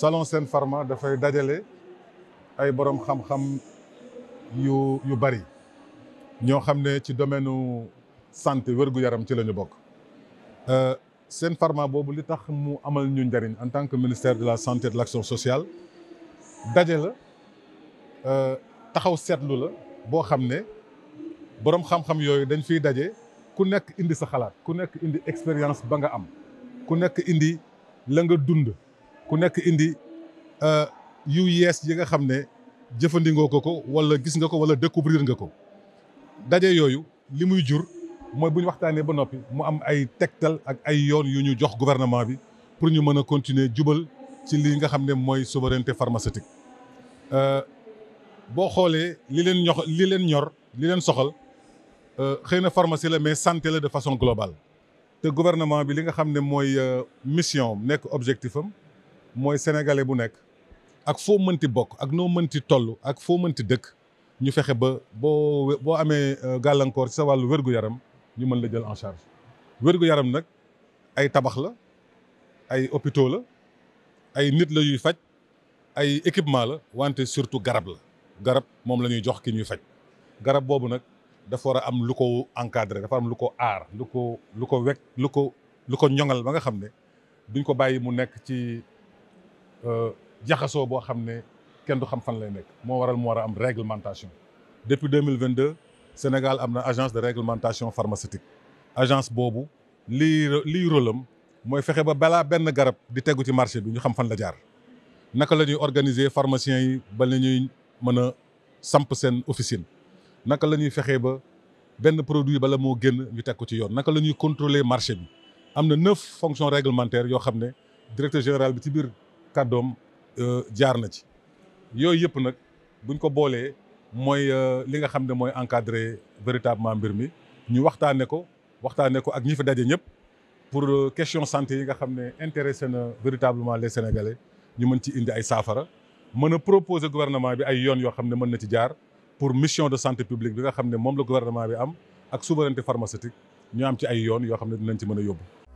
salon seen Pharma dafay dajale ay borom xam-xam yu yu bari ñoo xam ne ci domaine nu santé wér-gu-yaram ci lañu ñu bokk. Euh, seen Pharma boobu li tax mu amal ñu njariñ en tant que ministère de la santé et de l'action sociale daje la euh, taxaw seetlu la boo xam ne borom xam-xam yooyu dañ fiy daje ku nekk indi sa xalaat ku nekk indi expérience ba nga am ku nekk indi la nga dund. ku nekk indi euh, yu yees yi nga xam ne jëfandikoo ko ko wala gis nga ko wala découvrir nga ko daje yooyu li muy jur mooy bu ñu waxtaanee ba noppi mu am ay tegtal ak ay yoon yu ñu jox gouvernement bi pour ñu mën a continuer jubal ci lii nga xam ne mooy souveraineté pharmaceutique euh, boo xoolee li leen ñox li leen ñor li leen soxal euh, xëy na pharmacie la mais santé la de façon globale te gouvernement bi li nga xam ne mooy mission nekk objectif am mooy sénégalais bu nekk ak foo mënti bokk ak noo mënti toll ak foo mënti dëkk ñu fexe ba boo boo amee euh, gàllankoor ci sa wàllu wér-gu-yaram ñu mën la jël en charge wér-gu-yaram nag ay tabax la ay hôpitaux la ay nit la yuy faj ay équipement la wante surtout garab la garab moom la ñuy jox ki ñuy faj garab boobu nag dafa war a am lu ko encadré dafa am lu ko aar lu ko lu ko wekk lu ko lu ko ñoŋal ba nga xam ne duñ ko bàyyi mu nekk ci Euh, jaxasoo Bo a kenn du xam fan lay waral réglementation depuis 2022, Sénégal a une agence de réglementation pharmaceutique agence Bobo, li li rôleum moy fexé ba bala ben garab di marché bi ñu xam pharmaciens yi ba lañuy officine produit bala ñu ci contrôler marché bi am neuf fonctions réglementaires directeur général kàddoom euh, jaar na ci yooyu yëpp nag buñ ko boolee mooy euh, li nga xam ne mooy encadrer véritablement mbir mi ñu waxtaane ko waxtaane ko ak ñi fi daje ñëpp pour euh, question santé yi nga xam ne intéressé na véritablement les sénégalais ñu mën ci indi ay saafara mën a proposer gouvernement bi ay yoon yoo xam ne mën na ci jaar pour mission de santé publique bi nga xam ne moom la gouvernement bi am ak souveraineté pharmaceutique ñu am ci ay yoon yoo xam ne dinañ ci mën a yóbbu